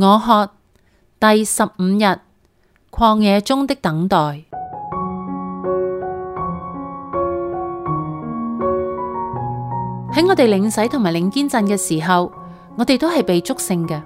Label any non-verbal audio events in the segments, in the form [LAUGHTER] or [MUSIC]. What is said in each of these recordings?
我渴第十五日，曠野中的等待。喺 [MUSIC] 我哋領洗同埋領堅振嘅時候，我哋都係被祝聖嘅。呢、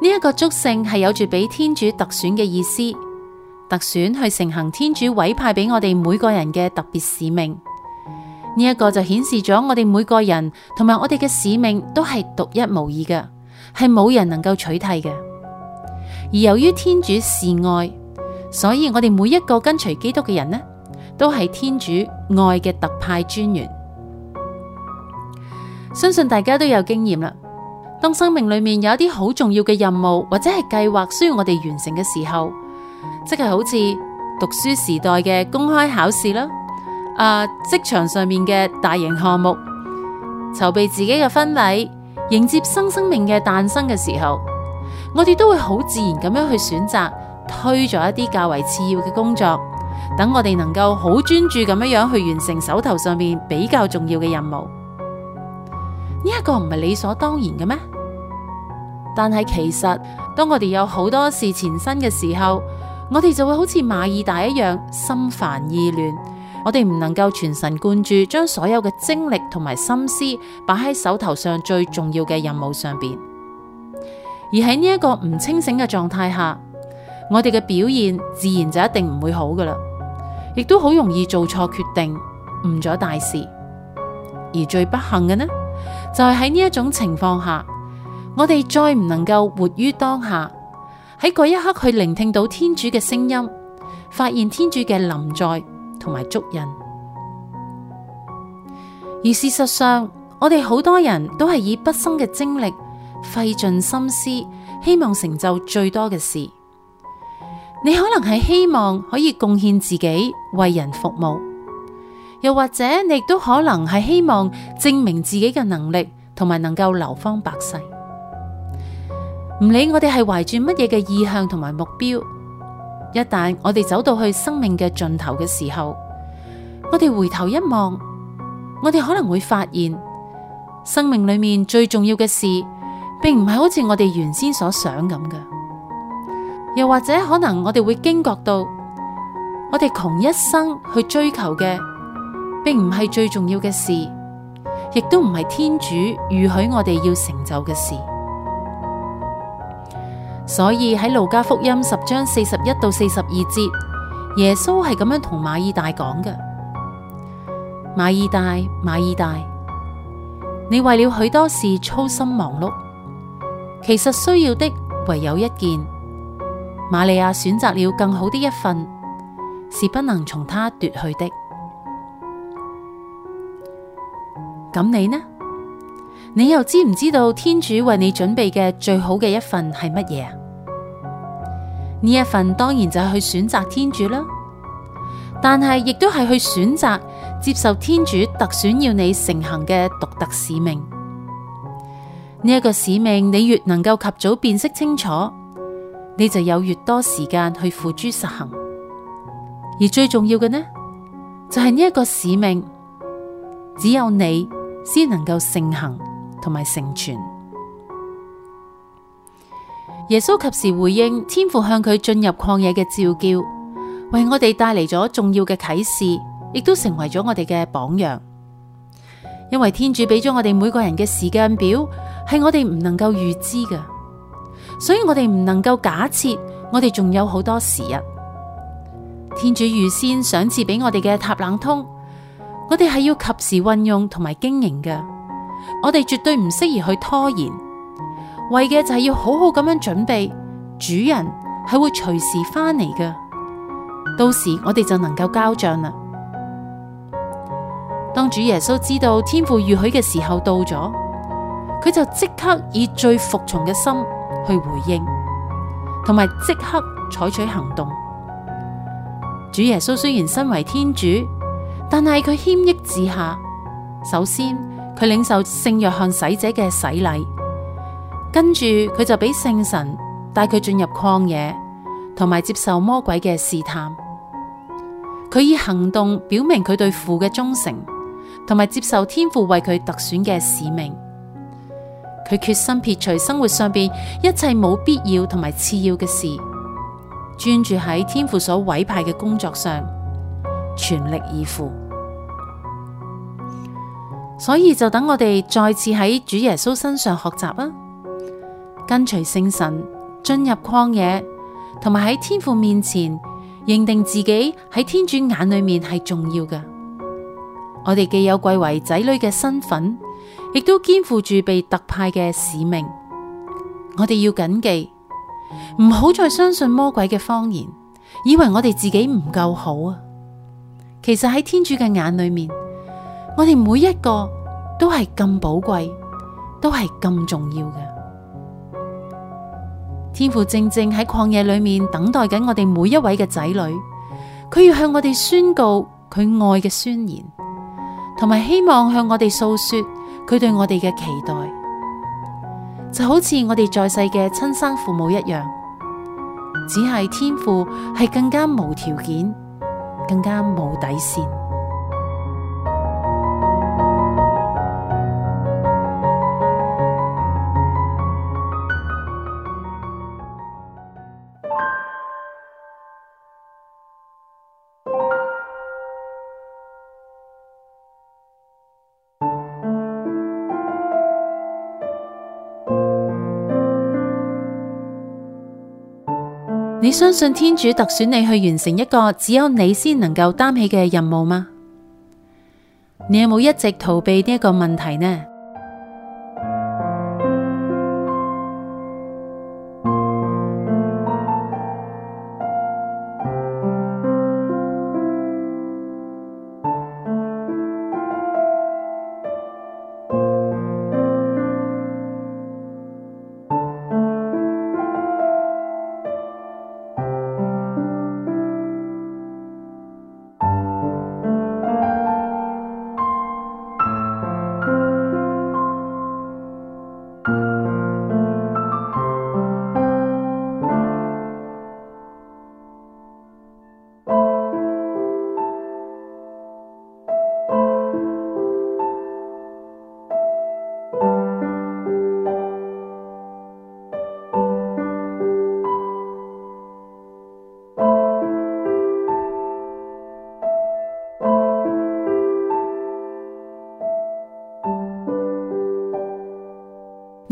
這、一個祝聖，係有住俾天主特選嘅意思，特選去承行天主委派俾我哋每個人嘅特別使命。呢、這、一個就顯示咗我哋每個人同埋我哋嘅使命都係獨一無二嘅。係冇人能夠取代嘅，而由於天主是愛，所以我哋每一個跟隨基督嘅人呢，都係天主愛嘅特派專員。相信大家都有經驗啦，當生命裏面有一啲好重要嘅任務或者係計劃需要我哋完成嘅時候，即係好似讀書時代嘅公開考試啦，啊、呃，職場上面嘅大型項目，籌備自己嘅婚禮。迎接新生，生命嘅誕生嘅時候，我哋都會好自然咁樣去選擇推咗一啲較為次要嘅工作，等我哋能夠好專注咁樣樣去完成手頭上面比較重要嘅任務。呢、這、一個唔係理所當然嘅咩？但係其實當我哋有好多事纏身嘅時候，我哋就會好似馬爾大一樣心煩意亂。我哋唔能夠全神貫注，將所有嘅精力同埋心思擺喺手頭上最重要嘅任務上邊，而喺呢一個唔清醒嘅狀態下，我哋嘅表現自然就一定唔會好㗎喇，亦都好容易做錯決定，誤咗大事。而最不幸嘅呢，就係喺呢一種情況下，我哋再唔能夠活於當下，喺嗰一刻去聆聽到天主嘅聲音，發現天主嘅臨在。同埋足印，而事實上，我哋好多人都係以畢生嘅精力，費盡心思，希望成就最多嘅事。你可能係希望可以貢獻自己，為人服務，又或者你都可能係希望證明自己嘅能力，同埋能夠流芳百世。唔理我哋係懷住乜嘢嘅意向同埋目標，一旦我哋走到去生命嘅盡頭嘅時候，我哋回頭一望，我哋可能會發現生命裏面最重要嘅事，並唔係好似我哋原先所想咁嘅。又或者可能我哋會驚覺到，我哋窮一生去追求嘅，並唔係最重要嘅事，亦都唔係天主預許我哋要成就嘅事。所以喺路加福音十章四十一到四十二節，耶穌係咁樣同馬爾大講嘅。瑪爾大，瑪爾大，你為了許多事操心忙碌，其實需要的惟有一件。瑪利亞選擇了更好的一份，是不能從她奪去的。咁你呢？你又知唔知道天主為你準備嘅最好嘅一份係乜嘢？呢一份當然就係去選擇天主啦。但係，亦都係去選擇接受天主特選要你承行嘅獨特使命。呢一個使命，你越能夠及早辨識清楚，你就有越多時間去付諸實行。而最重要嘅呢，就係呢一個使命，只有你先能夠承行同埋成全。耶穌及時回應天父向佢進入曠野嘅召叫，為我哋帶嚟咗重要嘅啟示，亦都成為咗我哋嘅榜樣。因為天主俾咗我哋每個人嘅時間表係我哋唔能夠預知嘅，所以我哋唔能夠假設我哋仲有好多時日。天主預先賞賜俾我哋嘅塔冷通，我哋係要及時運用同埋經營嘅。我哋絕對唔適宜去拖延，為嘅就係要好好咁樣準備。主人係會隨時翻嚟嘅。到時我哋就能夠交賬啦。當主耶穌知道天父預許嘅時候到咗，佢就即刻以最服從嘅心去回應，同埋即刻採取行動。主耶穌雖然身為天主，但係佢謙抑自下。首先佢領受聖若翰洗者嘅洗禮，跟住佢就俾聖神帶佢進入曠野。同埋接受魔鬼嘅試探，佢以行動表明佢對父嘅忠誠，同埋接受天父為佢特選嘅使命。佢決心撇除生活上面一切冇必要同埋次要嘅事，專注喺天父所委派嘅工作上，全力以赴。所以就等我哋再次喺主耶穌身上學習啊，跟隨聖神，進入曠野。同埋喺天父面前認定自己喺天主眼裏面係重要嘅，我哋既有貴為仔女嘅身份，亦都肩負住被特派嘅使命。我哋要謹記，唔好再相信魔鬼嘅謊言，以為我哋自己唔夠好啊！其實喺天主嘅眼裏面，我哋每一個都係咁寶貴，都係咁重要嘅。天父正正喺曠野裏面等待緊我哋每一位嘅仔女，佢要向我哋宣告佢愛嘅宣言，同埋希望向我哋訴說佢對我哋嘅期待，就好似我哋在世嘅親生父母一樣，只係天父係更加無條件，更加冇底線。你相信天主特選你去完成一個只有你先能夠擔起嘅任務嗎？你有冇一直逃避呢一個問題呢？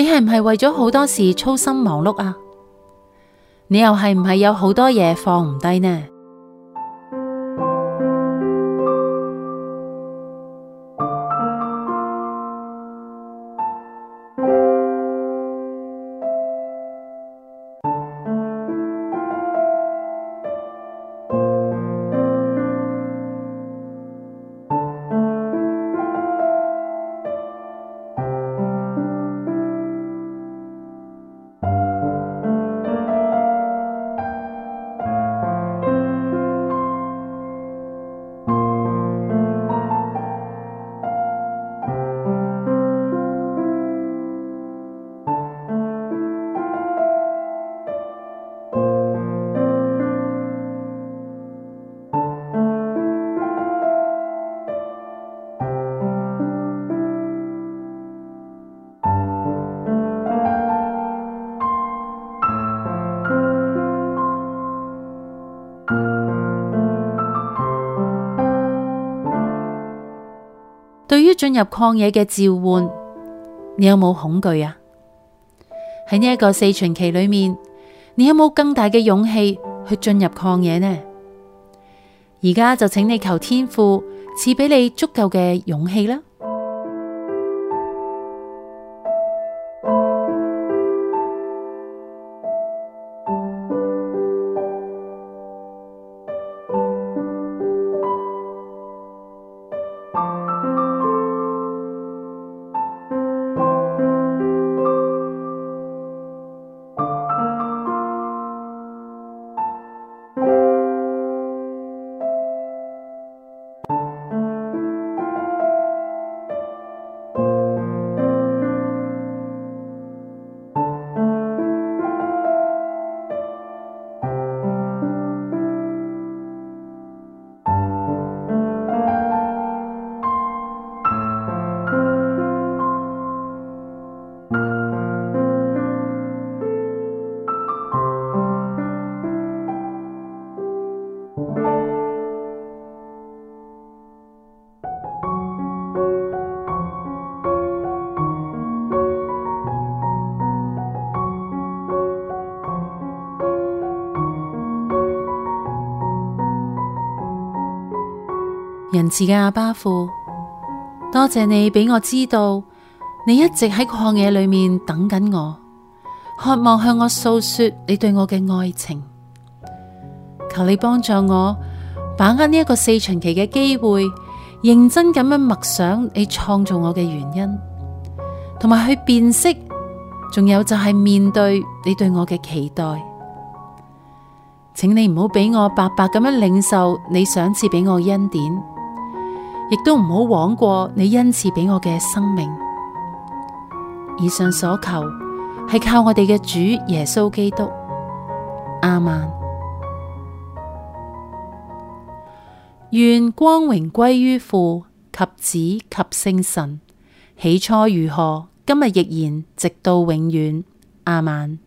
你係唔係為咗好多事操心忙碌啊？你又係唔係有好多嘢放唔低呢？進入曠野嘅召喚，你有冇恐懼啊？喺呢一個四旬期裏面，你有冇更大嘅勇氣去進入曠野呢？而家就請你求天父賜俾你足夠嘅勇氣啦。仁慈嘅阿爸父，多謝你俾我知道，你一直喺曠野裏面等緊我，渴望向我訴說你對我嘅愛情。求你幫助我，把握呢一個四旬期嘅機會，認真咁樣默想你創造我嘅原因，同埋去辨識，仲有就係面對你對我嘅期待。請你唔好俾我白白咁樣領受你賞賜俾我嘅恩典。亦都唔好枉過你恩賜畀我嘅生命。以上所求，係靠我哋嘅主耶穌基督。亞孟。願光榮歸於父及子及聖神。起初如何，今日亦然，直到永遠。亞孟。